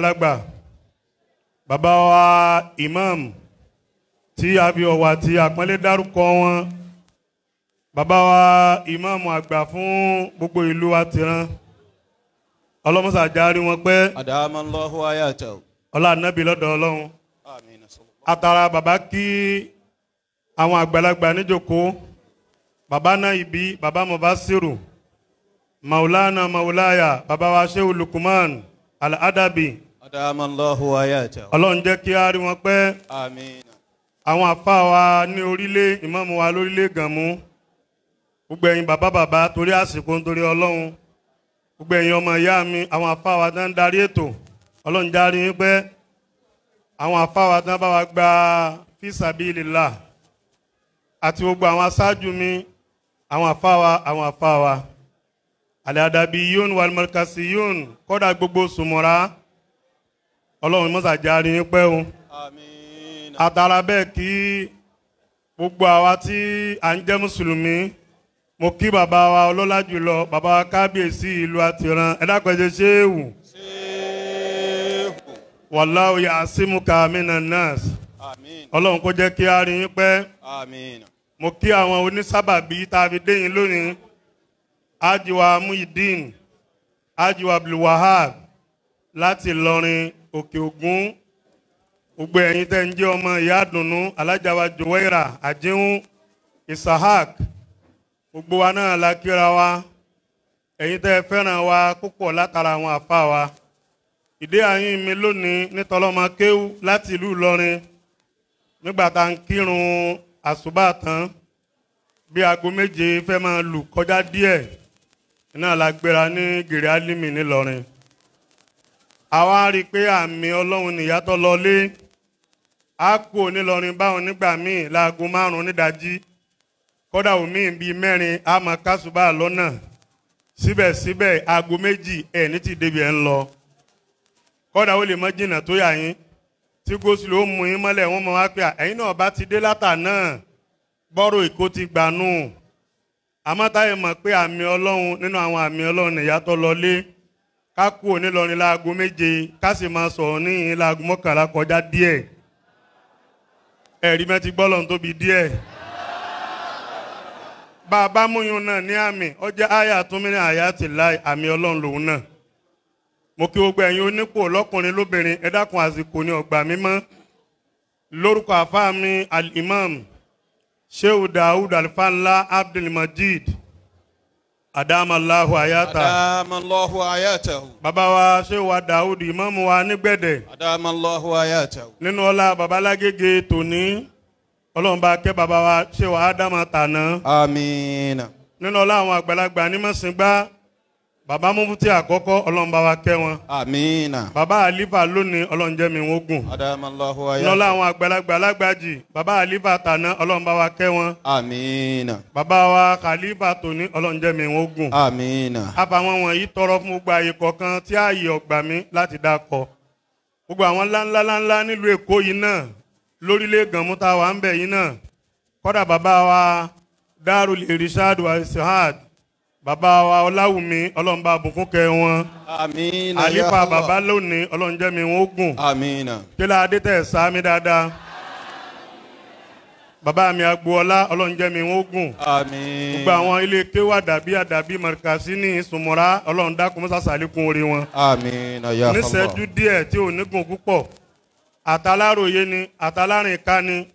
alàgbà bàbá wa imam tí a fi ọ̀wà tí àpọ́nlé dárúkọ wọn bàbá wa imam àgbà fún gbogbo ìlú wa tìran ọlọ́mọsà járí wọn pé adamallahu ayatahu ọlá ànábì lọ́dọ̀ ọlọ́run àtàrà bàbá kí àwọn àgbàlagbà níjókòó bàbá náà ibi bàbá mubasiru maulana maulaya bàbá wa sheu lukuman aladabi. adamallahu ayata. ọlọ́run jẹ́ kí a rí wọn pẹ́. àmín. àwọn àfa wa ní orílẹ̀ ìmáàmù wa lórílẹ̀ gànmú. gbogbo ẹ̀yin bàbá bàbá torí àsìkò nítorí ọlọ́run. gbogbo ẹ̀yin ọmọ ìyá mi àwọn àfa wa tán darí ètò ọlọ́run já rí wọn pẹ́. àwọn àfa wa tán bá wa gba fisabilillah àti gbogbo àwọn aṣáájú mi àwọn àfa wa àwọn àfa wa aladabi walmarkasiyun walmarkasi yun kódà gbogbo sùmọ̀ra ọlọ́run mọ́sá járe yín pẹ́ o àtàrà bẹ́ẹ̀ kí gbogbo àwa tí à ń jẹ́ mùsùlùmí mo kí bàbá wa ọlọ́lá jùlọ bàbá wa kábíyèsí ìlú àtìrán ẹ dákọ̀jẹ́ ṣéèwù wàláwù yàásímùkà mínà nas ọlọ́run kó jẹ́ kí a rí yín pẹ́ mo kí àwọn onísábàbí tá a fi dé yín lónìí. Haji wa Muhyiddin Haji wa Abdulwahab láti Ìlọrin Òkè Ògùn gbogbo ẹ̀yin tẹ́ ń jẹ́ ọmọ ìyá àdùnnú alájàwa Jowaira Àjẹun Isahak gbogbo wa náà la kíra wa ẹ̀yin tẹ́ fẹ́ràn wa púpọ̀ látara àwọn àfa wa ìdí àyín mi lónìí nítọ́lọ́mọ kéwú láti ìlú Ìlọrin nígbà tá à ń kírun àsùbà tán bí aago méje fẹ́ máa lù kọjá díẹ̀ náà la gbéra ní gèrè álímì ńìlọrin àwa rí i pé àmì ọlọ́run nìyàtọ̀ lọlé á kú onílọrin báwọn nígbà míì láago márùn-ún nídàjí kódà omi bíi mẹ́rin á máa kásùbà lọ́nà síbẹ̀síbẹ̀ aago méjì ẹ̀ ní ti débi ẹ̀ ń lọ kódà ó lè mọ jìnnà tó yà yín tí gosilo mú yín mọ́lẹ̀ wọ́n mọ wá pé ẹ̀yin náà bá ti dé látà náà bọ́rọ̀ èkó ti gbanú àmọ́tàyè mọ̀ pé àmì ọlọ́run nínú àwọn àmì ọlọ́run nìyá tó lọlé ká kú òní lọrin láago méje ká sì máa sọ̀rọ̀ ní ìhìn láago mọ́kànlá kọjá díẹ̀ ẹ̀rí mẹ́tí gbọ́lọ́run tóbi díẹ̀ bá a bá múyún náà ní àmì ó jẹ́ àyà tó mí ní àyà ti láì àmì ọlọ́run lòun náà mo kí gbogbo ẹ̀yin onípò lọ́kùnrin lóbìnrin ẹ àsìkò ní ọgbà mímọ́ lórúkọ àfáà mi al-imam shehu daud alfanla abdulmajid adamalahu ayata. adamalahu ayata. bàbá wa shehu wa daud ìmáàmù wa nígbẹ̀dẹ̀. adamalahu ayata. nínú ọlá babalágége tòní ọlọ́run bá kẹ́ bàbá wa shehu adama Amin. amiina. nínú ọlá àwọn àgbàlagbà ní mọ̀sìngbà bàbá mufti àkọ́kọ́ ọlọ́run bá wa kẹ́ wọn. amiina. bàbá àlífà lónìí ọlọ́run jẹ́ mi wọ́n gùn. adamalahu aya. lọ́la àwọn àgbàlagbà alágbàjì bàbá àlífà tàná ọlọ́run bá wa kẹ́ wọn. amiina. bàbá wa kàlífà tòní ọlọ́run jẹ́ mi wọ́n gùn. amiina. àfàwọn wọ̀nyí tọrọ fún gbogbo àyè kọ̀ọ̀kan tí ààyè ọ̀gbà mi láti dákọ̀. gbogbo àwọn ńláńlá nílùú èkó yìí náà lórílẹ̀ wa dárul irishad wa isihad bàbá wa ọláwùmí ọlọ́run bá bùkún kẹ́ wọn. àmín náà yà wá àlífà bàbá lónìí ọlọ́run jẹ́ mi wọ́n gùn. àmín náà. tẹ́lẹ̀ adé tẹ̀ sá mi dáadáa. bàbá mi agboola ọlọ́run jẹ́ mi wọ́n gùn. àmín. gbogbo àwọn ilé kéwà dàbí àdàbí mọ̀rìkàsí ní ìsùnmọ̀ra ọlọ́run dákun mọ́sá sàlékún orí wọn. àmín náà yà níṣẹ́jú díẹ̀ tí ò ní gùn púpọ̀ àtàláròyé ni àtàlárìn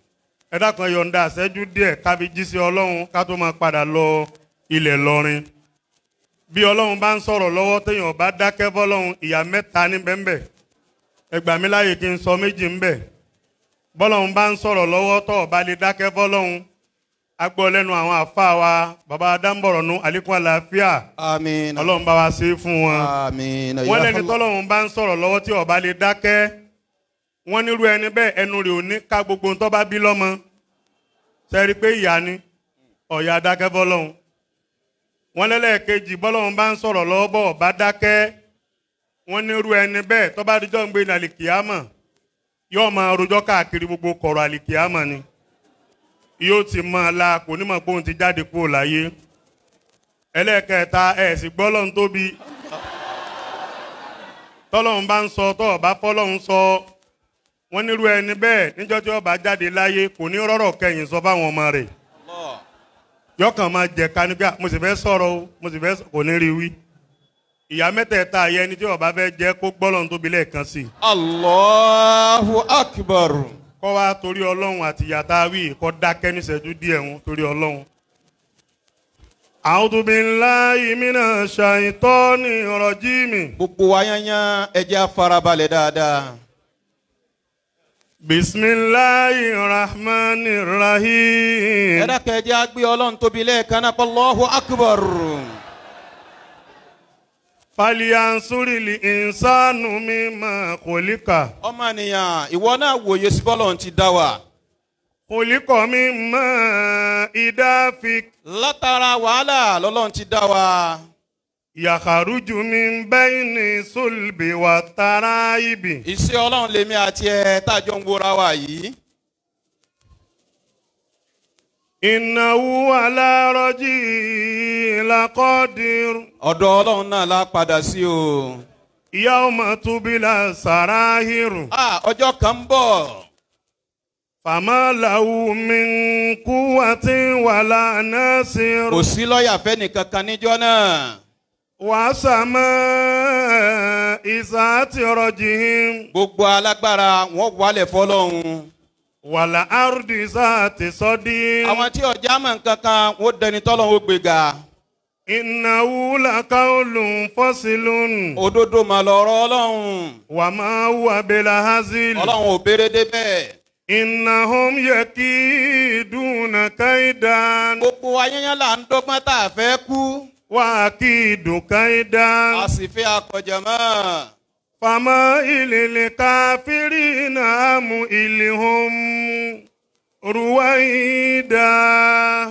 ilẹ̀ lọ́rin. bí ọlọ́run bá ń sọ̀rọ̀ lọ́wọ́ téèyàn bá dákẹ́ bọ́lọ́run ìyá mẹ́ta ní bẹ́ńbẹ́ ẹgbà mi láàyè kí n sọ méjì ń bẹ̀ bọ́lọ́run bá ń sọ̀rọ̀ lọ́wọ́ tó ọba lè dákẹ́ bọ́lọ́run fún wọn wọ́n lẹ́ni tọ́lọ́run bá ń sọ̀rọ̀ lọ́wọ́ tí lè dákẹ́ wọ́n nírú ẹni bẹ́ẹ̀ gbogbo bá bí lọ́mọ rí ni ọ̀yà dákẹ́ wọ́n lẹ́lẹ́kejì bọ́lọ́run bá ń sọ̀rọ̀ lọ́bọ̀ bá dákẹ́ wọ́n nírú ẹni bẹ́ẹ̀ tó bá dijọ́ ń gbé ní àlìkìyámọ̀ yóò máa rojọ́ káàkiri gbogbo kọ̀rọ̀ àlìkìyámọ̀ ni yóò ti máa la kò ní mọ̀ pé òun ti jáde kúrò láyé ẹlẹ́kẹta ẹ̀ sì tóbi tọ́lọ́run bá ń sọ tọ́ ọ̀bá fọ́lọ́run sọ ẹni tí ọba jáde láyé kò ní kẹyìn sọ fáwọn ọmọ yọkàn máa jẹ kanigbá mo sì fẹ́ o mo kò ní rí wí. ìyá mẹ́tẹ̀ẹ̀ta yẹ ẹni tí ọba fẹ́ jẹ́ kó gbọ́lọ́n tóbi lẹ́ẹ̀kan sí. Allahu Akbar. kọ́ wa torí ọlọ́run àti yàtá wí kọ́ dákẹ́ níṣẹ́jú díẹ̀ ń torí ọlọ́run. A'udhu billahi minash shaitani rajim. gbogbo wa yányán ẹ farabalẹ̀ dáadáa bisimilayi rahmani rahim. ẹ dákẹ́ ẹ jẹ́ a gbé ọlọ́run tóbi lẹ́ẹ̀kan náà Allahu akbar. Fàlíyànsúrì lè ìsánú mi máa kòlíkà. Ọmọnìyàn, ìwọ náà wòye sí bọ́lọ̀ ti dá wa. Kòlíkọ̀ mi yàkàrújù mi ń bẹ́ ní sólùbí wa tara ibi. ìṣe ọlọ́run lèmi àti ẹ tájọ ń wora wa yìí. ìnáwó alárọ́jì làkọ́dìrú. ọ̀dọ̀ ọlọ́run náà la padà sí o. ìyá ọmọ tóbi la sàráhìrù. a ọjọ́ kan ń bọ̀. fàmà làwù mi ń kú àti wàhálà náà sí. kò sí lọ́ọ̀yà fẹ́ nìkan kan níjọ́ náà. وسماء gbogbo alágbára wọn wálẹ̀ fọlọ́run. wàlà àrùdì zàtì sọ́dí. àwọn tí ọjà mọ̀ nkankan wọ́n dẹni tọ́lọ́run ó gbéga. ìnáwó làkàólù fọ́sílùn. òdodo mà ọlọ́run. wà máa wà bẹ́lá hazil. ọlọ́run ò béèrè débẹ̀. yẹ kí gbogbo ayẹyẹ là ń dọ́gbọ́n tá a fẹ́ kú. wà kí ìdùnkan idá. a sì fi akọ̀jọ̀ mọ́. fàmọ́ ìlèlè káfírí náà mú ìlè hom ruwaida.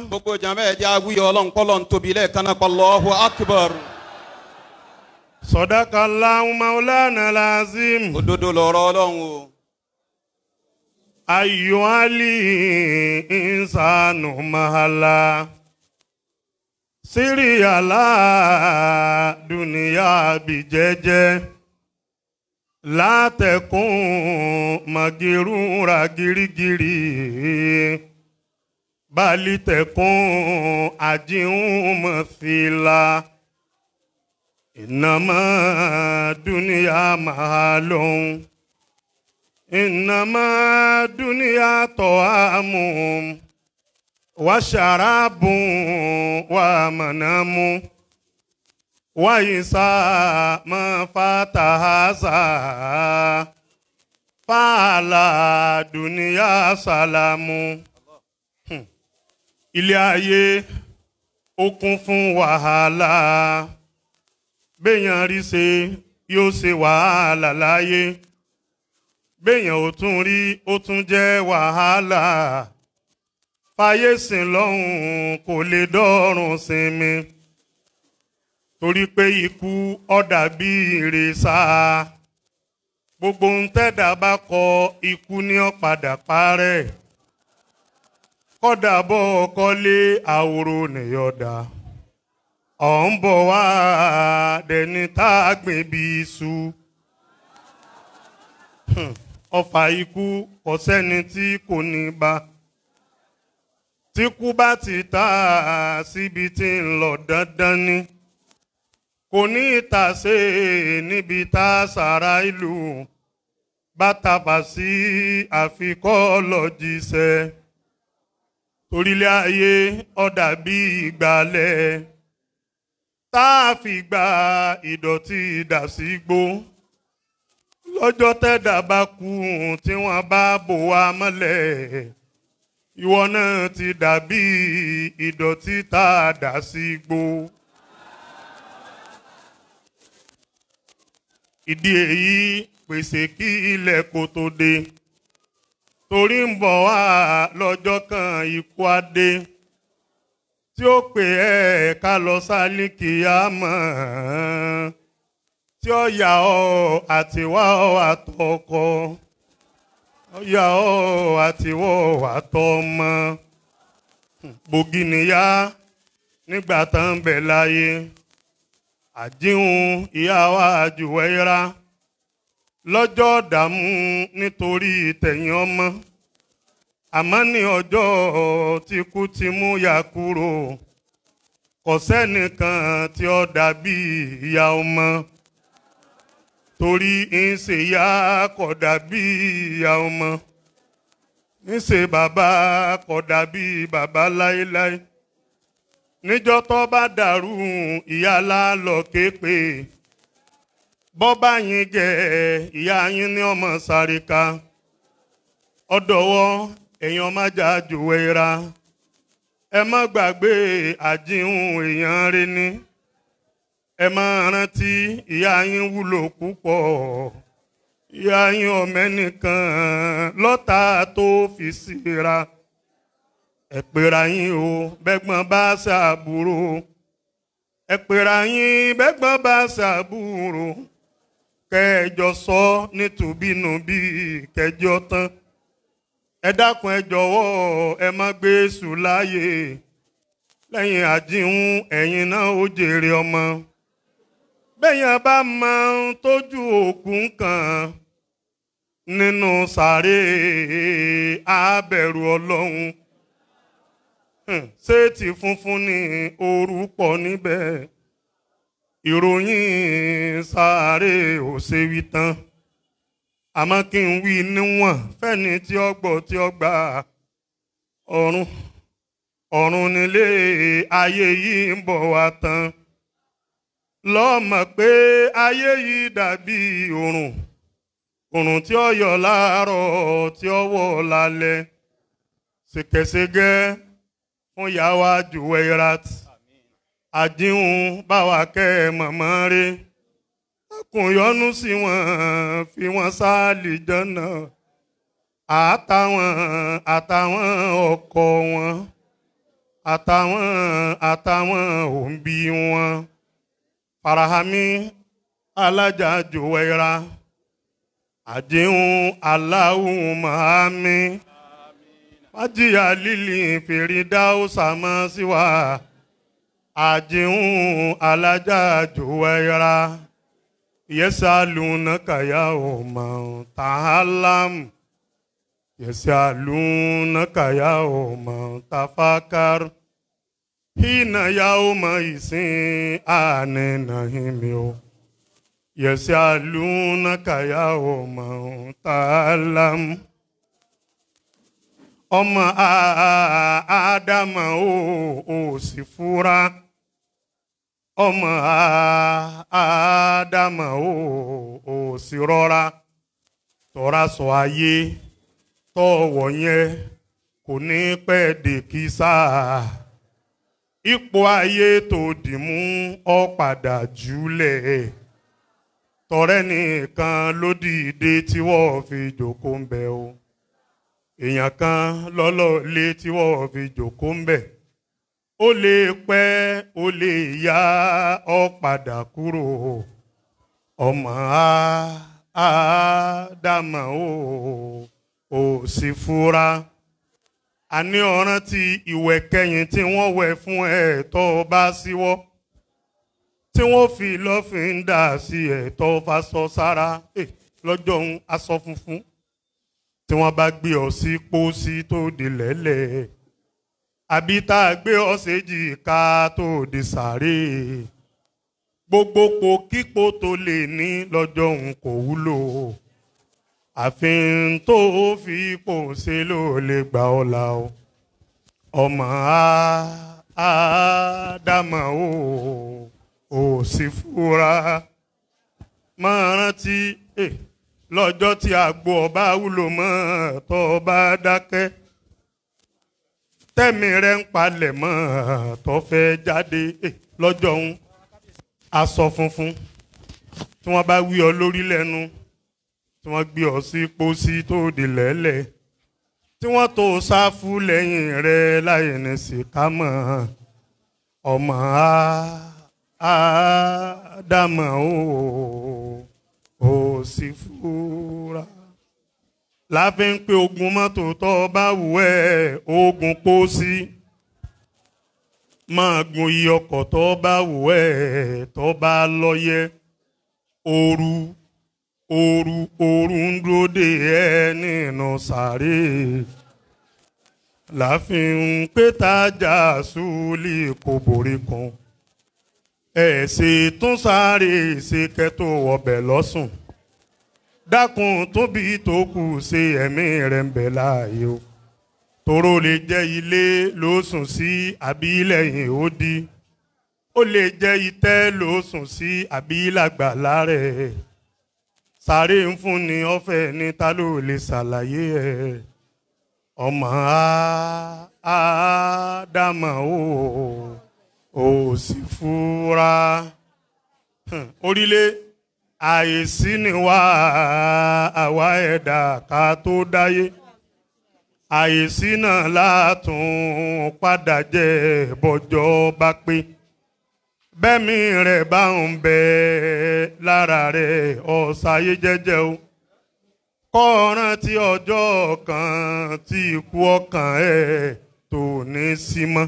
gbogbo jàmbá ẹ̀ jẹ́ awúyọ ọlọ́run ń tóbi lẹ́ẹ̀kan náà Allahu akbar. Sadakallahu maulana lazim. òdodo lọ̀rọ̀ ọlọ́run o. ayọ̀ ali insanu mahala. Siri ala dùnìyà bí jẹ́jẹ́ látẹ̀kùn màgìrúnra girigiri balitẹ̀kùn àjíhùnmọ̀fìlà ìnàmọ́ dùnìyà máa lóhun ìnàmọ́ dùnìyà tọ́ àmú. وشراب ومنام وإساء ما فات هذا فعلى دنيا سلام ilé ayé ó kún fún wàhálà béèyàn rí ṣe yóò ṣe wàhálà láyé béèyàn ò tún fàyè sìn lọ́hùn kò lè dọ́rùn sinmi torí pé ikú ọ̀dà bí ìrìsà gbogbo ń tẹ́dà bá kọ ikú ní ọ̀padà parẹ́ kọ́dà bọ́ ọkọ́lé àwòrò nìyọ̀dà ọ̀ ń bọ̀ wá dẹni tá a gbìn bí iṣu ọfà ikú kò tí kò ní bá tí bá ti ta síbi tí ń lọ dandan ni kò ní ìtàsé níbi tá a sàrà ìlú bátàbà sí àfikọ́ lọ́jíṣẹ́ torílẹ̀ ayé ọ̀dà bíi ìgbàlẹ̀ tá a fi gba ìdọ̀tí dà lọ́jọ́ tẹ́dà bá kú tí wọ́n bá bò wá mọ́lẹ̀ ìwọ náà ti dàbí ìdọ̀tí tá a dà sí igbó. ìdí èyí pèsè kí ilẹ̀ kò tó dé torí ń bọ̀ wá lọ́jọ́ kan ikú adé tí ó pè ẹ́ ká lọ sálíkì àmọ́ tí ó yà ọ́ àtiwá ọ́ àtọkọ ọ̀yà ọ̀ àtiwọ́ àtọmọ bògì níyà nígbà tá ń bẹ̀ láyé àdíhùn ìyá wa àjùwẹ́ra lọ́jọ́ dààmú nítorí tẹ̀yìn ọmọ àmọ́ ní ọjọ́ tí kú ti mú yà kúrò kò sẹ́nìkan tí ó dàbí ìyá ọmọ. torí ń ṣe ìyá kò dàbí ìyá ọmọ ń ṣe bàbá kò dàbí bàbá láéláé níjọ́ tó bá dàrú ìyá lálọ́ képe bọ́ bá yín gẹ̀ ìyá yín ní ọmọ sáríka ọdọ̀wọ́ èèyàn má jà jòwé ra ẹ má gbàgbé àjíhùn èèyàn rí ni. ẹ máa rántí ìyá yín wúlò púpọ̀ ìyá yín ọmọ ẹnìkan lọ́tà tó fi síra ẹ pera yín o bẹ́gbọ́n bá ṣàbúrò ẹ pera yín bẹ́gbọ́n bá ṣàbúrò kẹjọ sọ nítùbínúbí kẹjọ tán ẹ dákun ẹ jọ̀wọ́ ẹ má gbé èṣù láàyè lẹ́yìn àjíhun ẹ̀yin náà ó jèrè ọmọ. bẹ́yàn bá máa ń tójú òkú kan nínú sàárè àbẹ̀rù ọlọ́run séètì funfun ní orúkọ níbẹ̀ ìròyìn sàárè ò wí tán àmọ́ kí n wí níwọ̀n fẹ́ni tí ó gbọ́ tí ó gba ọ̀run ọ̀run nílé ayé yìí ń bọ̀ wá tán. lọ́mọ̀ pé ayé yìí dàbí òrùn òrùn tí ó yọ láàárọ̀ tí ó wọ̀ lálẹ́ ṣèkẹṣẹgẹ fún yàwá Juweirat àdíhùn báwa kẹ́ ẹ mọ̀mọ́ rí kùn sí wọn fi wọn sáàlì jọ́nà àtàwọn àtàwọn ọkọ wọn àtàwọn àtàwọn òǹbí wọn farahami alájà jùwẹ́ra àdéhùn aláhùn mahami májìyà lílì fèrèdáùsà mọ́ sí wa àdéhùn alájà jùwẹ́ra yẹsà lùnà kàyà ọmọ tàhálàm yẹsà lùnà kàyà ọmọ tàfàkàrù hina yauma isin anena himyo kaya uma talam ọmọ ádámà ò sì fura ọmọ o ò sì rọra tọ́ra sọ ayé tọ́wọ̀ yẹn kò ní pẹ́ dèkísà ipò ayé tó dì mú ọ padà jùlẹ̀ tọrẹ nìkan ló dìde tí wọ́n fi jòkó ń bẹ o èèyàn kan lọ́lọ́lé tí wọ́n fi jòkó ń bẹ ó lè pẹ́ ó lè yá ọ padà kúrò ọmọ á á dàmọ́ o ò sì fura àní ọ̀ràn ti ìwẹ̀ kẹyìn tí wọ́n wẹ̀ fún ẹ̀tọ́ bá síwọ́ tí wọ́n fi lọ́fìn dà sí ẹ̀tọ́ fasọ sára lọ́jọ́ ń aṣọ funfun tí wọ́n bá gbé ọ sí pósí tó di lẹ́lẹ̀ àbí tá a gbé ọ séjì ká tó di sàárè gbogbo po kípo tó lè ní lọ́jọ́ kò wúlò àfin tó fi ipò ṣe ló lè gbà ọ́ là o ọmọ àádámà o ò sì fura máa rántí e, lọ́jọ́ tí àgbo ọba wúlò mọ́ tó bá dákẹ́ tẹ́mi rẹ̀ ń palẹ̀ mọ́ tó fẹ́ jáde e, lọ́jọ́ ń aṣọ funfun tí wọ́n bá wí ọ lórí lẹ́nu tí wọ́n gbé ọ sí pósí tó di lẹ́lẹ̀ tí wọ́n tó sáfù lẹ́yìn rẹ láì ní sìkámọ́ ọmọ ádámọ̀ ò sì fúra láfi ń pe ogun mọ́tò tó bá wù ẹ́ ogun pósí máa gun iye ọkọ̀ tó bá wù ẹ́ tó bá lọ́yẹ́ ooru òru òru ń dúró de ẹ nínú sàré láfihàn pétajà súlì kò borí kan ẹ e ṣe tún sáré ṣe kẹtó ọbẹ̀ lọ́sùn dákun tóbi tó kù ṣe ẹ̀mí rẹ̀ ń bẹ láàyè o toro lè jẹ́ ilé ló sí àbí lẹ́yìn ó di ó lè jẹ́ itẹ́ ló sí àbí lágbàlá rẹ̀ sáré ń fún ni ọ̀fẹ́ ní ta ló lè ṣàlàyé ẹ̀ ọmọ ádámà o ò sì fura orílẹ̀ àìsí ni wá àwa ẹ̀dá ká tó dáyé àìsí náà látún padà jẹ́ bọ́jọ́ bá pé bẹ́mi rẹ̀ bá ń bẹ lára rẹ̀ ọ̀sáyé jẹ́jẹ́ o kọ́ rántí ọjọ́ kan tí ikú ọkàn ẹ̀ tó ní sí mọ́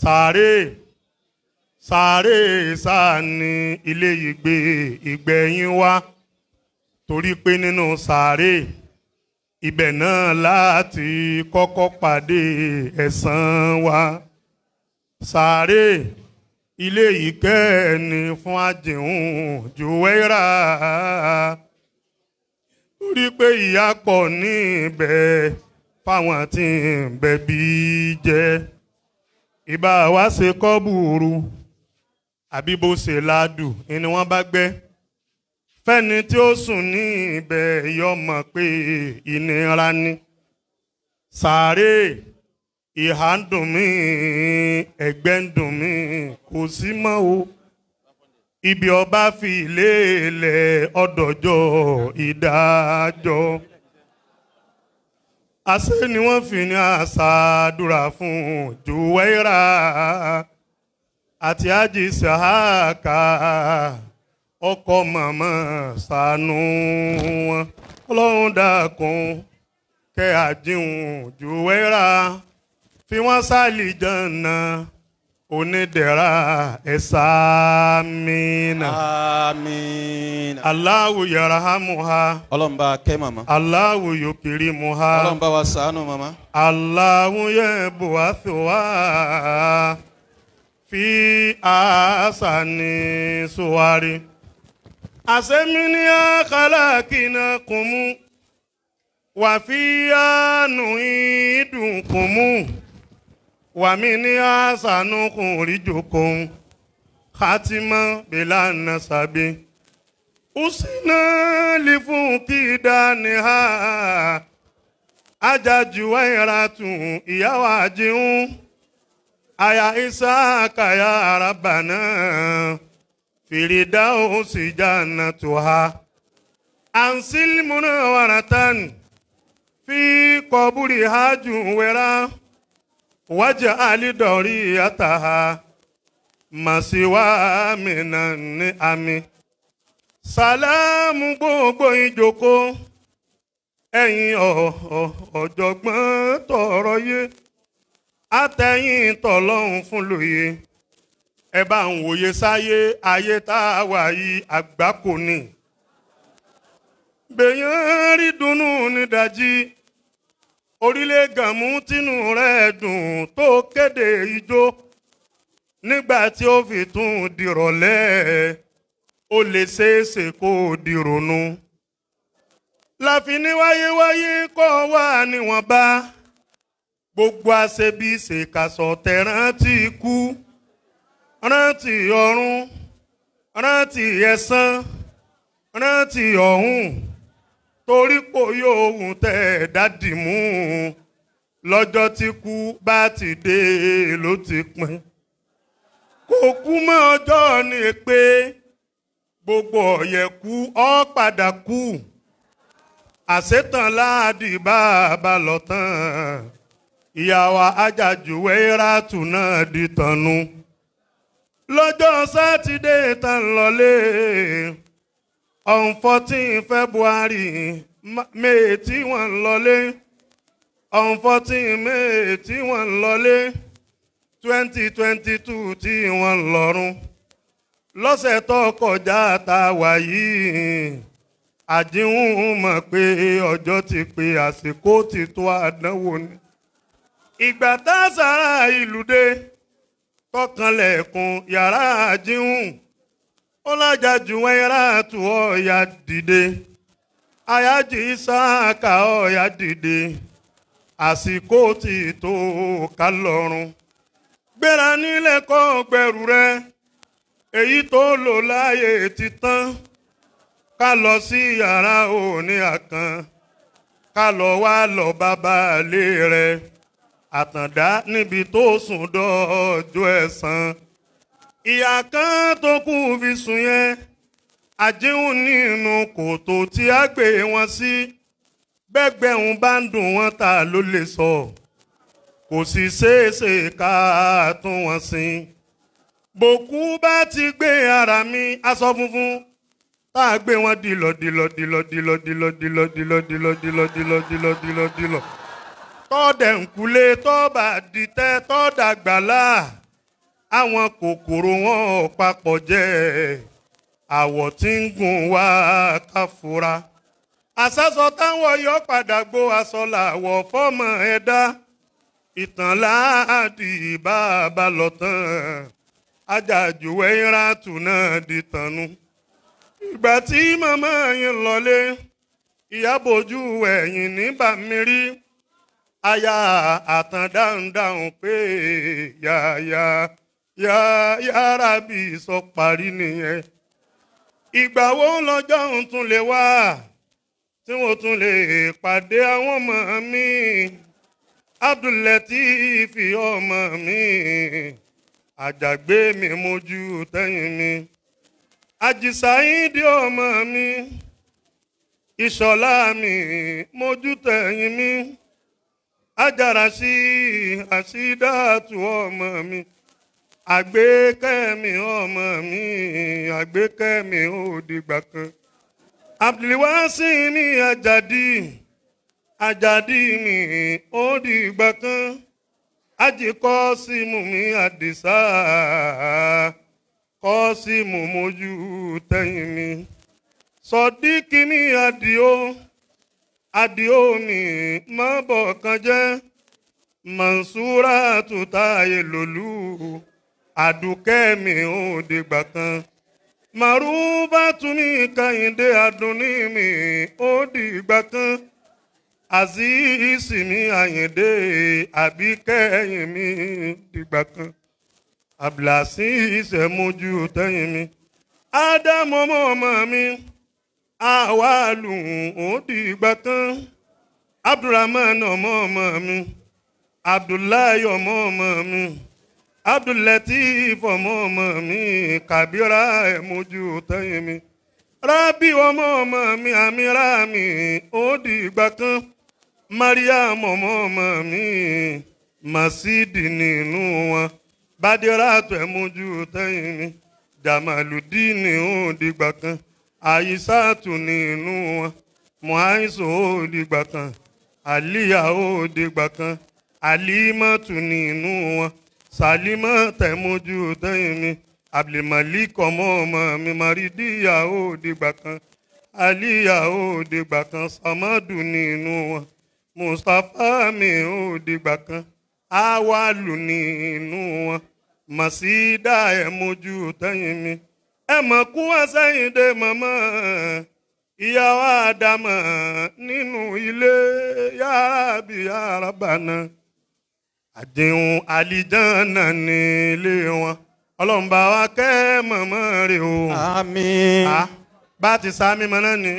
sàárè sàárè sáà ní ilé ìgbé ìgbẹ̀yìn wa torí pé nínú sàárè ibẹ̀ náà láti kọ́kọ́ pàdé ẹ̀san wa sàárè ilé ìkẹ́ ni fún àjẹun jùwẹ́rà torí pé ìyà pọ̀ níbẹ̀ fáwọn tí ń bẹ̀bí jẹ ìbá wa ṣe kọ́ búburú àbí bó ṣe ládùn ni wọ́n bá gbẹ́ fẹ́ni tí ó sùn ní ibẹ̀ yọ mọ̀ pé ìnira ni sàárè. ìhà ń dùn mí ẹ̀gbẹ́ ń dùn mí kò sí mọ́ o ibi ọba fi ìlélẹ̀ ọ̀dọ̀jọ́ ìdájọ́ àṣẹ ni wọ́n fi ní àṣàdúrà fún jùwẹ́rà àti àjì sàáka ọkọ màmá ṣàánú wọn ọlọ́run dákun kẹ́ àjíhùn jùwẹ́rà. fi wọ́n sálì jànà onídẹ̀ra ẹ̀sà mìíràn. amiina. Allahu yarhamuha. ọlọ́mba kẹ́ màmá. Allahu yukrimuha. ọlọ́mba wa ṣàánú màmá. Allahu yab'athuha fi àṣàní suwari. àṣemínìyà kàlákìnà kùnmú wàfíyà nùhìn dùnkùnmú wàmí ní àṣànùkùn oríjòkòun hátìmọ́ bílànà sàbí usina lifun kidaniha ajaju wairatun ìyàwó àjíhun àyà ìsáàkà ya rabana fìrìdáòsì jannatuha ansil munawwaratan fi kọbúrì hajj wẹra wájà àlídọ̀rí àtàhà màsíwá àmìnà ní àmì sàlámù gbogbo ìjòkó ẹ̀yin ọ̀jọ̀gbọ́n tọ̀rọ̀ yé àtẹ̀yìn tọ̀lọ́hún fún lóye ẹ bá ń wòye sáyé ayé tá a wà yìí àgbákò ni bèèyàn rí dunnú nídàjí orílẹ̀ gànmú tínú rẹ̀ dùn tó kéde ijó nígbà tí ó fi tún dìrọ̀lẹ́ ó lè ṣeéṣe kó o dìrònú. láfi ní wáyéwáyé kọ́ wà níwọ̀nba gbogbo àṣebí ṣèkàsọ̀ tẹ̀ rántí ikú rántí ọ̀run rántí ẹ̀san rántí ọ̀hún torí kò yóò hùn tẹ́ dádì mú lọ́jọ́ tí kú bá ti dé ló ti pin kò kú mọ́ ọjọ́ ni pé gbogbo ọ̀yẹ̀kú ọ́ padà kú àṣetàn láàdì bàbá lọ́tàn ìyàwó ajájú wẹ́ràtù náà di tànú lọ́jọ́ sátidé tán lọ́lé on fourteen february may tí wọ́n ń lọlé on fourteen may tí wọ́n ń lọlé twenty twenty two tí wọ́n ń lọ́rùn lọ́sẹ̀ tó kọjá tá a wà yìí àdínwùn mọ̀ pé ọjọ́ ti pé àsìkò ti tó àdánwò ni. ìgbà tá a sára ìlú dé tọkànlẹ̀kùn yàrá àdínwùn ọlájàjù wẹ́rà tù ọ̀yà dìde ayájì sáàkà ọ̀yà dìde àsìkò tí tó ká lọ́rùn gbéra nílẹ̀ kọ́ gbẹrù rẹ èyí tó lò láàyè ti tán ká lọ sí yàrá òní àkàn ká lọ wá lọ bàbá ilé rẹ àtàndá níbi tó sùn dọ́jọ́ ẹ̀san ìyá kan tó kù fi sùn yẹn àjíhùn nínú kòtò tí a gbé wọn sí bẹ́gbẹ̀hún bá ń dùn wọ́n ta ló lè sọ kò sì ṣeéṣe ká tún wọn sin bòkú bá ti gbé ara mi aṣọ funfun tá a gbé wọn dìlọ dìlọ dìlọ dìlọ dìlọ dìlọ dìlọ dìlọ dìlọ dìlọ dìlọ dìlọ dìlọ tọ́ọ̀dẹ̀ ńkulé tọ́ọ̀bà dìtẹ́ tọ́ọ̀dàgbàlá àwọn kòkòrò wọn papọ̀ jẹ́ àwọ̀ tí ń gùn wá káfura àsásọ táwọn yọ padà gbó aṣọ làwọ̀ fọ́mọ ẹ̀dá ìtàn láàdì bàbá lọ́tàn ajájú ẹ̀yìnrà tù di tànú ìgbà tí màmá yín lọlé ìyábòjú ẹ̀yìn ní bàmírí aya àtàn dáhùn dáhùn pé yáyá. Ya, ya yá yàrá bí sọ parí nìyẹn ìgbà wo lọ́jọ́ ń tún lè wá tí wọ́n tún lè pàdé àwọn ọmọ mi Abdul-Lateef ọmọ mi àjàgbé mi mojú tẹ́yìn mi àjìsáyídì ọmọ mi ìṣọ̀lá mi mojú tẹ́yìn mi àjàrà sí àṣídàtú ọmọ mi. àgbékẹ́mi ọmọ mi àgbékẹ́mi ò dìgbà kan mi ajadi ajadi mi ò dìgbà kan ajikọ símù mi àdìsá kọ símù mojú tẹ̀yìn mi sọdíkì mi àdìo àdìo mi má kan jẹ́ mansura tuta ayé àdùkẹ́ mi ò dìgbà kan màrúbà tún ní kàyìndé àdùnní mi ò dìgbà kan àzíìsì mi àyìndé àbíkẹ́yìn mi dìgbà kan àbìlàsí ìṣẹ̀mójú tẹ́yìn mi ádámù ọmọ ọmọ mi àwàlù ò dìgbà kan abdulrahman ọmọ ọmọ mi abdullahi ọmọ ọmọ mi abdulatif ọmọ ọmọ mi Kabira, ẹ̀mójú tẹ́yìn mi rábì ọmọ ọmọ mi àmírà mi ó di ìgbà kan mariam ọmọ ọmọ mi masidi nínú wọn bàdíràtọ̀ ẹ̀mójú tẹ́yìn mi jamaludin ó di ìgbà kan àyíṣàtù nínú wọn muhaisu ó di ìgbà kan aliya ó di ìgbà kan alimatu nínú wọn. Salima tẹ̀mójú tẹ̀yìn mi Abdulmalik ọmọ ọmọ mi Maridiya ó dìgbà kan Aliya ó dìgbà kan Samadu ní inú wọn Mustapha mi ó dìgbà kan Awalu ní wọn Masida ẹ̀mójú tẹ̀yìn mi ẹ̀mọ̀kú ẹ̀sẹ̀yìn dé màmá ìyàwó àdàmọ̀ nínú ilé yàrá bíi àràbànà àdéhùn àlìjánà ní ilé wọn ọlọ́run bá wa kẹ́ mọ̀mọ́ rẹ̀ o. àmín. Ah, bá a ti sa mímọ náà ni.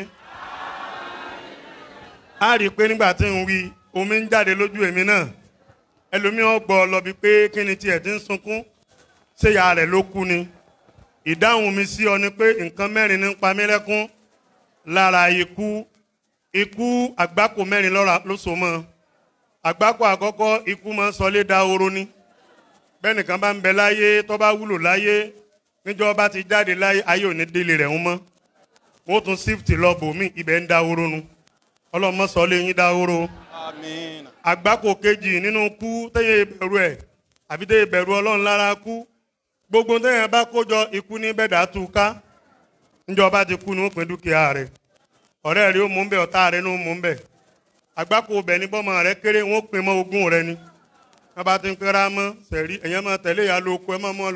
a rí i pé nígbà tí ń wí omi ń jáde lójú èmi náà ẹlòmíràn gbọ́ ọ lọ bí pé kí ni tiẹ̀ ti ń sunkún ṣé ìyá rẹ̀ ló kú ni ìdáhùn mi sí ọ ni pé nǹkan mẹ́rin ní ń pa mí lẹ́kún lára ikú ikú àgbákò mẹ́rin ló so mọ́ ọ. àgbákò àkọ́kọ́ ikú máa ń sọlé dahoro ni bẹ́nìkan bá ń bẹ láyé tó bá wúlò láyé níjọ́ ti jáde láyé ayé òní délé rẹ̀ ń mọ́ tún lọ bòmí ibẹ̀ ń dahoro nu ọlọ́mọ yín kejì nínú kú tẹ́yẹ gbogbo tẹ́yẹ bá kójọ ikú ní bẹ́ẹ̀dá tú ká níjọ́ ti kú ní ó dúkìá rẹ̀ ọ̀rẹ́ ó mú àgbákò ọbẹ̀ ní bọ́mọ rẹ kéré wọn pin mọ́ ogun rẹ ni wọn bá ti ń pera mọ́ sẹ̀rí ẹ̀yàn máa tẹ̀lé ìyá lóko ẹ má mọ́ o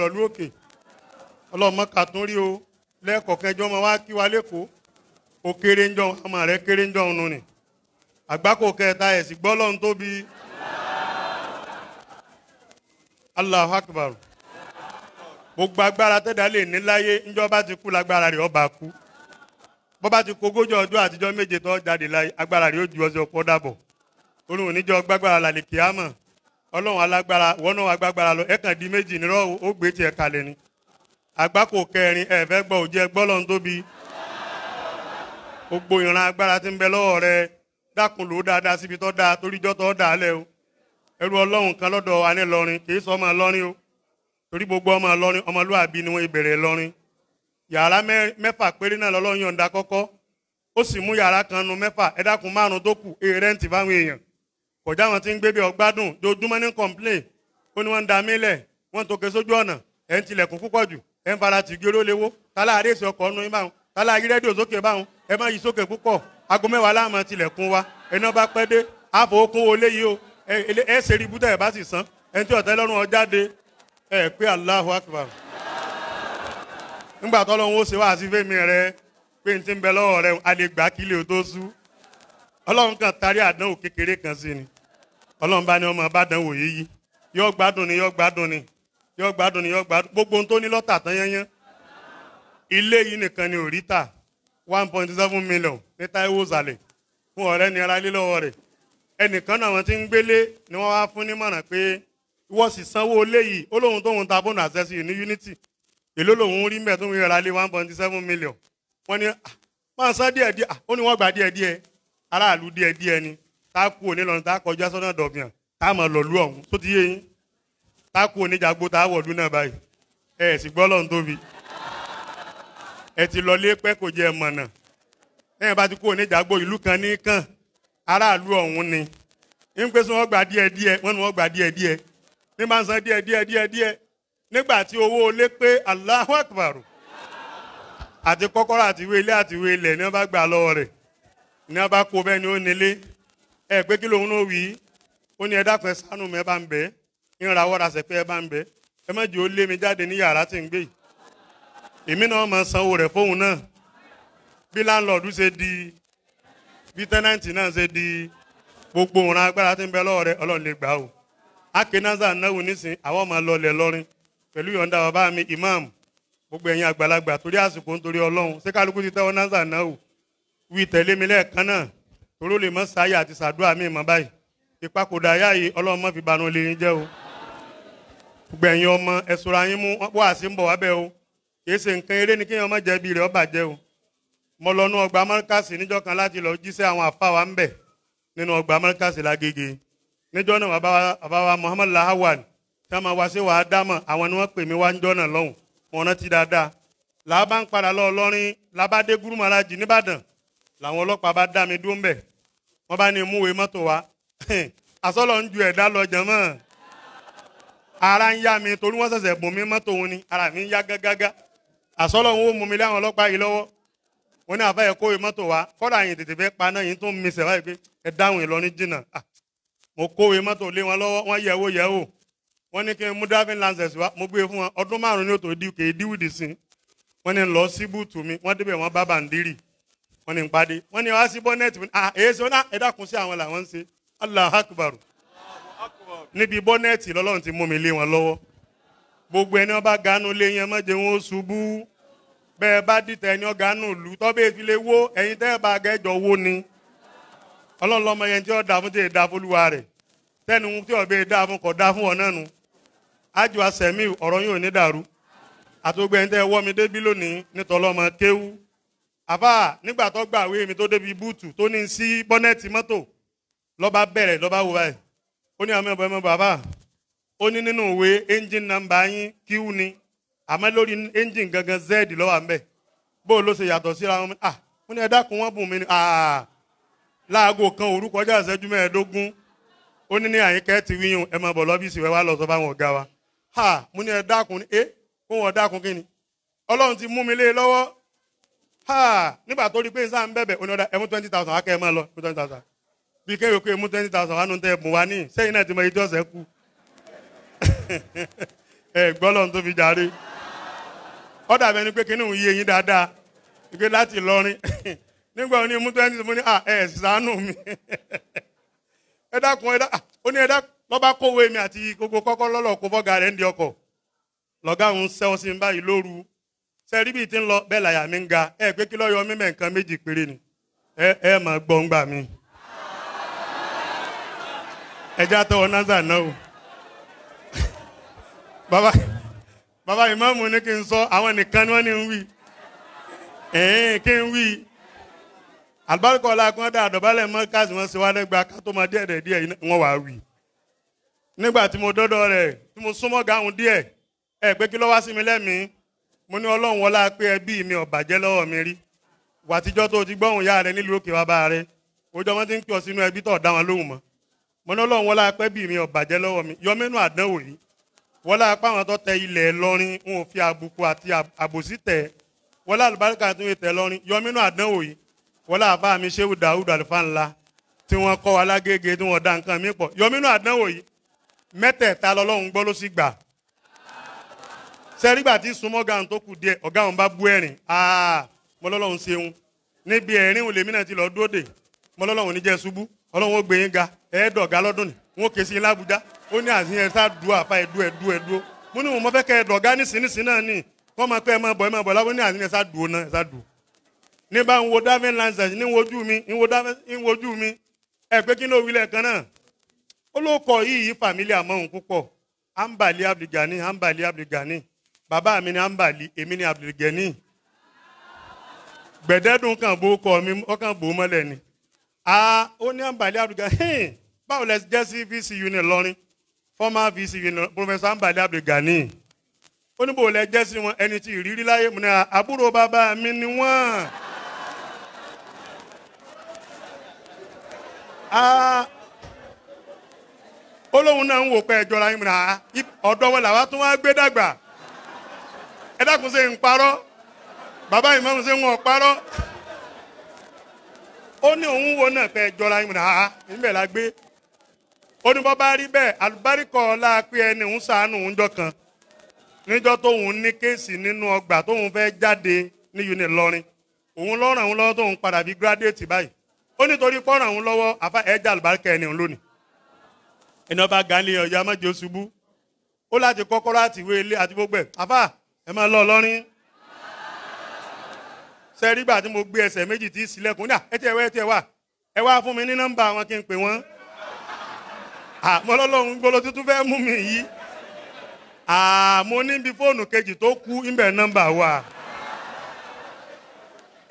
lẹ́ẹ̀kọ̀kan ẹjọ́ máa wá o kéré ń jọ ọmọ rẹ kéré ń jọ ọ̀nù ni àgbákò kẹta ẹ̀sìn gbọ́ tóbi Allahu Akbar gbogbo agbára tẹ́dá lè ní láyé ńjọba ti kú lágbára bọ́ bá ti kogójọ ọdún àtijọ́ méje tó jáde láyé agbára ju ọjọ́ pọ́ dàbọ̀ olùwò níjọ́ gbàgbára làlè kíámà ọlọ́run alágbára wọ́n náà agbágbára lọ ẹ̀ di méjì nírọ̀ ó gbé tiẹ̀ kalẹ̀ ni àgbákò kẹrin ẹ̀ gbọ́ òjẹ́ gbọ́lọ́n tóbi gbogbo ìran agbára ń bẹ lọ́wọ́ rẹ dákun dáadáa síbi tó dáa toríjọ́ tó dáa o ẹrú ọlọ́run kan o torí gbogbo ọmọ ọmọlúwàbí ni yàrá mẹ́fà péré náà na yọ̀ǹda kọ́kọ́ ó sì mú yàrá kan nu mẹ́fà ẹ dákun márùn tó kù èè rẹ́ǹtì èèyàn kọjá wọn ti ń gbébí ọgbádùn dojúmọ́ ní kọ̀ǹplẹ̀ ó ní wọ́n ń da mílẹ̀ wọ́n ń tòkè sójú ọ̀nà ẹ̀ ń tilẹ̀kùn púpọ̀ jù ẹ̀ ń fara tìgí olólewó tálá àdéhùn ọkọ̀ ọ̀nù ìbáwọn tálá rẹ́díò sókè báwọn má yí sókè púpọ̀ aago mẹ́wàá láàmú ọba pẹ́ dé yìí o ṣe bá sì san tí ọ̀tẹ́ lọ́rùn ńgbà tọ́lọ́hún ó ṣe wá sí fèmí rẹ pé n ti ń bẹ lọ́wọ́ rẹ a lè gbà kí ilé o tó sú ọlọ́run kan tarí àdánwò kékeré kan sí ni ọlọ́run bá ní ọmọ abádánwò yọ gbádùn ni yọ gbádùn yọ gbádùn gbogbo ohun tó ní lọ́tà tán yányán ilé yìí nìkan ni òrí tà one point seven million ní fún ọ̀rẹ́ ní ara rẹ̀ ẹnìkan náà wọn ti ń gbélé ni wọ́n wá fún èló lòun rí mbẹ tó ń lé million wọ́n ní ah, máa san díẹ̀ díẹ̀ ah, ó ní wọ́n gbà díẹ̀ díẹ̀ aráàlú díẹ̀ díẹ̀ ni tá a kú òní lọ́nà tá a kọjá sọ́nà dọ̀bìàn tá a mọ̀ lọ́lú ti yé yín tá a kú òní jagbo tá a báyìí ẹ sì gbọ́ lọ́n ẹ ti lọ jagbo ìlú kan ní kàn aráàlú ọ̀hún ni ń pèsè wọ́n gbà díẹ̀ díẹ̀ wọ́n ní wọ́n gbà nígbàtí owó olé pé Allahu Akbar àti kọ́kọ́rọ́ àti ìwé ilé àti ìwé ilẹ̀ ní wọ́n bá gbà rẹ̀ ní wọ́n bá kó bẹ́ẹ̀ ni ó nílé ẹ pé kí lòun wí ó ní mi ẹ bá ra wọ́ra pé ẹ bá ń ẹ má ó lé mi jáde ní yàrá sanwó rẹ fóun náà bí láńlọ́ọ̀dù ṣe di bí tẹ́nẹ́ǹtì gbogbo òun agbára ń bẹ lọ́wọ́ ọlọ́run lè gbà náwó nísìnyí àwọn lọlẹ̀ pẹ̀lú ìyọ̀ǹda bàbá mi imam gbogbo ẹ̀yin àgbàlagbà torí àsìkò nítorí ọlọ́run ṣé kálukú ti tẹ́wọ́ náà sànà o wí tẹ̀lé mi lẹ́ẹ̀kan náà toró lè mọ́ sáyà àti sàdúrà mi mọ́ báyìí ìpakòdà ayá yìí ọlọ́run mọ́ fi lè yín jẹ́ o gbogbo ẹ̀yin ọmọ ẹ̀sùn ayín lọ ọgbà níjọ́ kan láti lọ jíṣẹ́ àwọn àfa wa ń bẹ̀ nínú ọgbà tá máa wá sí wàá dámọ̀ àwọn ni wọ́n pè mí wá ń jọ́nà lọ́hùn wọn rántí dáadáa làbá ń padà lọ lọ́rin labádé gúrúmọ́lájì nìbàdàn làwọn ọlọ́pàá bá dá mi dúró bẹ̀ wọ́n bá ní múwe mọ́tò wa àsọlọ ń ju ẹ̀dá lọ jẹ̀mọ́ ara ń yá mi torí wọ́n ṣẹ̀ṣẹ̀ bùn mí mọ́tò wọn ni ara mi ń yá gágágá àsọlọ ń wó mu mi láwọn ọlọ́pàá yìí lọ́wọ́ wọn ní àfẹ́yẹ kówe mọ́tò wa kọ́dà yìí tètè fẹ́ paná yìí tó ń mi sẹ̀ báyìí pé ẹ dáhùn Ìlọrin jìnnà ah, mo kówe mọ́tò lé wọn lọ́wọ́ wọ́n yẹ̀wò yẹ̀wò wọ́n ní kí n mú driving license wá mo gbé e fún wọn ọdún márùn-ún ní òtò kè é díwìdì sí i wọ́n ní lọ sí bùtù mi wọ́n débẹ̀ wọ́n bá bàǹdírì wọ́n ní n pàdé wọ́n ní wá sí bọ́nẹ́ẹ̀tì mi à ah, èyí sọ náà ẹ̀dá sí àwọn làwọn ń ṣe allah akubaru, níbi bọ́nẹ́ẹ̀tì lọ́lọ́run ti mú mi lé wọn lọ́wọ́ gbogbo ẹni ọba ganu lé yẹn mọ́jẹ wọn ó ṣubú bẹ́ẹ̀ bá dìtẹ̀ ẹni ọ̀gánu lù tọ́bẹ̀ fi lè wó ẹ̀yin tẹ́ ẹ bá gẹ́jọ wó ni ọlọ́run lọ́mọ yẹn tí ó dà fún tí ì dà fún olúwa rẹ̀ tẹ́nu tí ọ̀bẹ dà fún kọ̀ dà fún ọ nu ájò àsẹ̀mí ọ̀rọ̀ yóò ní dàrú àtògbẹ́ ń tẹ́ ẹ wọ́ mi débí lónìí nítọ́lọ́mọ kéwú àbá nígbà tó gbà wé mi tó débi búùtù tó ní sí bọ́nẹ́ẹ̀tì mọ́tò lọ́ba bẹ̀rẹ̀ lọ́ba wò báyìí ó ní àwọn ọmọ ọmọ bàbá ó ní nínú ìwé engine number yín kíw ni àmọ́ lórí engine gangan z lọ́wọ́ àmbẹ̀ bó ló ṣe yàtọ̀ síra wọn ah mo ní ẹ dákun wọn bùn mí ni ah láago kan òru kọjá ìṣẹ́jú mẹ́ẹ̀ẹ́dógún ó ní ní àyíkẹ́ ti wíyùn ẹ máa bọ̀ lọ́bí ìsìwẹ́ wa lọ sọ fáwọn ọ̀gá wa ha mo ní ẹ dákun ẹ eh, kó wọn dákun kí ni ọlọ́run ti mú mi lé e lọ́wọ́ ha nígbà tó rí pé sáà ń bẹ̀bẹ̀ onídàá ẹ twenty thousand akẹ́ ẹ máa lọ mú twenty thousand bí kéwì pé mú twenty thousand wà nù tẹ bùn wá ní sẹ́yìn náà ti mọ ìjọ ọ̀sẹ̀ kú ẹ gbọ́ lọ́run tó fi jàre ọ̀dà bẹni pé kínní òun yé yín dáadáa ìgbé láti lọrin nígbà twenty mo ní ah, ẹ mi ah, ó ní tó bá kówó èmi àti gbogbo kọ́kọ́ lọ́lọ́ kó fọ́gà rẹ̀ ń di ọkọ̀ lọ́gá òun sẹ́wọ́n sí báyìí lóru sẹ́rí bíi ti ń lọ bẹ́ẹ̀ làyà mi ń ga ẹ pé kí lọ́yọ̀ mímẹ̀ nǹkan méjì péré ni ẹ ẹ máa gbọ́ ń gbà mí. ẹja tọwọ náza náà o bàbá bàbá ìmáàmù ní kí n sọ àwọn nìkan ni wọ́n ní ń wí ẹ̀ẹ́n kí n wí àlùbáríkọ̀ ọ̀la kí wọ́n dá àdọ̀bálẹ̀ mọ́ káàsì wọn ṣe wá lẹ́gbàá ká máa díẹ̀ díẹ̀ wọ́n wá wí nígbà tí mo dọ́dọ̀ rẹ̀ tí mo súnmọ́ gáhùn díẹ̀ ẹ pé kí ló wá sí mi lẹ́mìí mo ní ọlọ́run wọlá pé ẹbí mi ò bàjẹ́ lọ́wọ́ mi rí wàtíjọ́ tó ti gbọ́hùn ya rẹ nílùú òkè bàbá rẹ ojú ọmọ tí ń kí ọ sínú ẹbí tó dá wọn lóhùn mọ́ mo ní ọlọ́run wọlá pé ẹbí mi ò bàjẹ́ lọ́wọ́ mi yọ mẹ́nu àdánwò yìí wọlá pé àwọn tó tẹ ilẹ̀ lọ́rin ń fi àbùkù àti àbòsí tẹ̀ wọlá àlùbáríkà tó tẹ lọ́rin yọ mẹ́nu àdánwò yìí wọlá àbá mi ṣéwù Dáúdù àlùfáà ńlá tí wọ́n kọ́ wa tí wọ́n dá nǹkan mi pọ̀ yọ mẹ́nu àdánwò yìí mẹ́tẹ̀ẹ̀ta lọ́lọ́run gbọ́ ló sì gbà sẹ́rígbà tí súnmọ́ ọ̀gá òun tó kù díẹ̀ ọ̀gá òun bá bú ẹ̀rìn mo lọ́lọ́run ṣeun níbi ẹ̀rín òun lèmi náà ti lọ dúró dè mo lọ́lọ́run níjẹ́ ṣubú ọlọ́run ó gbé yín ga ẹ̀ẹ́dọ̀gá lọ́dún ni wọn ké sí lábújá ó ní àṣìyẹn sá du àfa ẹ̀dú ẹ̀dú ẹ̀dú mo ní mo mọ fẹ́ kẹ́ ẹ̀dọ̀gá nísìnyìísìn náà náà ó ló kọ yìí yí fàmílì àmọ́hùn púpọ̀ ambali abdulgani ambali abdulgani bàbá mi ni ambali èmi ni abdulgani gbẹ̀dẹ́dùn kan bo kọ mi ọkàn bo mọ́lẹ̀ ni a ó ní ambali abdulgani hìn báwo lẹ jẹ́ sí VCU ní Ìlọrin former VCU ní professor ambali abdulgani ó ní bò lẹ jẹ́ sí wọn ẹni tí ìrírí láyé mu ní àbúrò bàbá mi ni wọ́n. ó lóun náà ń wò pé ẹjọ́ra yín múra ọ̀dọ́ wọn làwa tún wá gbé dàgbà ẹ ṣe ń parọ́ bàbá wo náà pé ẹjọ́ra yín múra níbẹ̀ la gbé ó ní bọ́ bá rí bẹ́ẹ̀ ọ̀la kan níjọ́ tóun ní kéèsì nínú ọgbà tóun fẹ́ jáde ní unit lọrin òun lọ́ràn òun lọ́wọ́ tóun padà bí báyìí ó nítorí pọ́ràn òun lọ́wọ́ ẹni ọba gánlé ọjà mọ́jọ ṣubú ó láti kọ́kọ́rọ́ àti ìwé ilé àti gbogbo ẹ̀ àfà ẹ máa lọ ọlọ́rin sẹ́rígbà tí mo gbé ẹsẹ̀ méjì tí sílẹ̀kùn ní à ẹ tiẹ̀ wá ẹ tiẹ̀ wá ẹ wá fún mi ní nọ́mbà wọn kí n pè wọ́n àmọ́ lọ́lọ́run gbọ́dọ̀ tuntun fẹ́ mú mi yìí àmọ́ níbi fóònù kejì tó kú ńbẹ̀ nọ́mbà wà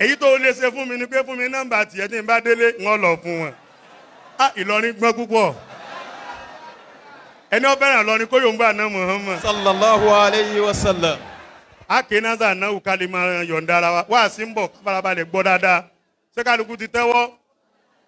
èyí tó lè ṣe fún mi ni pé fún mi nọ́mbà tiẹ̀ tí n bá délé ń lọ fún wọn Ìlọrin gbọ́n púpọ̀ ẹni ó fẹ́ràn lọ ni kó yòǹgbà náà Muhammad. sallallahu alayhi wa sallam. a kì í yọ̀ǹda ara wa wá sí ń bọ̀ farabalẹ̀ gbọ́ dáadáa ṣé kálukú ti tẹ́wọ́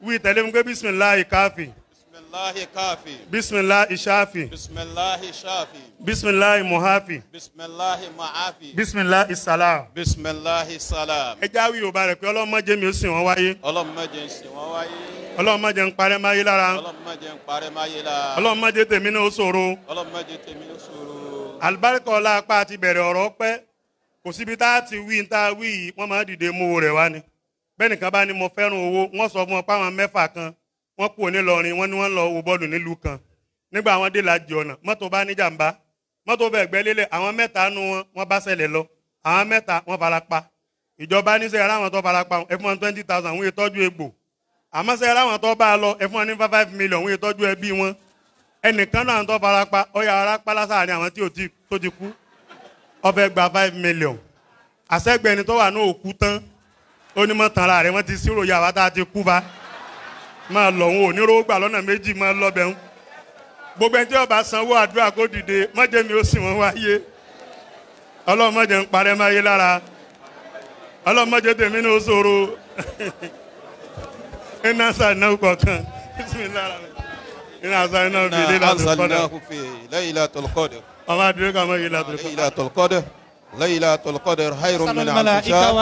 wí tẹ̀lé mi pé bisimilahi káfí. bisimilahi káfí. bisimilahi ṣáfì. bisimilahi ṣáfì. bisimilahi muhafi. bisimilahi muhafi. bisimilahi salam. bisimilahi salam. ẹ jáwé yorùbá rẹ pé ọlọ́mọ jẹ́ mi ó sìn wọ́n wáyé. ọlọ́mọ mi ó sìn wọ́n wáyé ọlọ́run má jẹ́ ń parẹ́ máyé lára ọlọ́run má jẹ́ ń parẹ́ máyé lára ọlọ́run má jẹ́ tèmi náà ṣòro ọlọ́run má jẹ́ tèmi náà ṣòro. àlùbáríkà ọlá apá àti bẹ̀rẹ̀ ọ̀rọ̀ pẹ́ kò síbi tá a ti wí tá a wí yìí wọ́n máa dìde mú rẹ̀ wá ni bẹ́ẹ̀ nìkan bá ní mo fẹ́ràn owó wọ́n sọ fún ọ páwọn mẹ́fà kan wọ́n kú onílọrin wọ́n ní wọ́n lọ wo bọ́ọ̀lù nílùú kan nígbà àwọn dé twenty thousand wọ́n yẹ tọ́jú àmọ́ sẹ́yìn láwọn tó bá a lọ ẹ fún wọn ní five five million wọ́n yẹ tọ́jú ẹbí wọn ẹnìkan náà tó fara pa ọyà ara pa lásàárín àwọn tí tó ti kú ó fẹ́ gba five million àṣẹgbẹni tó wà ní òkú tán onímọ̀ tán ara rẹ̀ wọ́n ti sírò yàrá tá a ti kú bá máa lọ òun ò ní rówó gbà lọ́nà méjì máa lọ bẹ̀ ń gbogbo ẹni tí ó bá sanwó àdúrà kó dìde mọ́jẹ́ mi ó sì wọ́n wáyé ọlọ́mọdé ń parẹ́ máyé lára ọlọ́mọdé tèmi ní ó ṣòro. ń náà sàn náà kọ̀ọ̀kan bisimilahi ń náà sàn náà fi lè látọ̀ kọ́dẹ̀. ọba àdúrà kàmá yìí látọ̀ kọ́dẹ̀. ليلة القدر خير من عشاء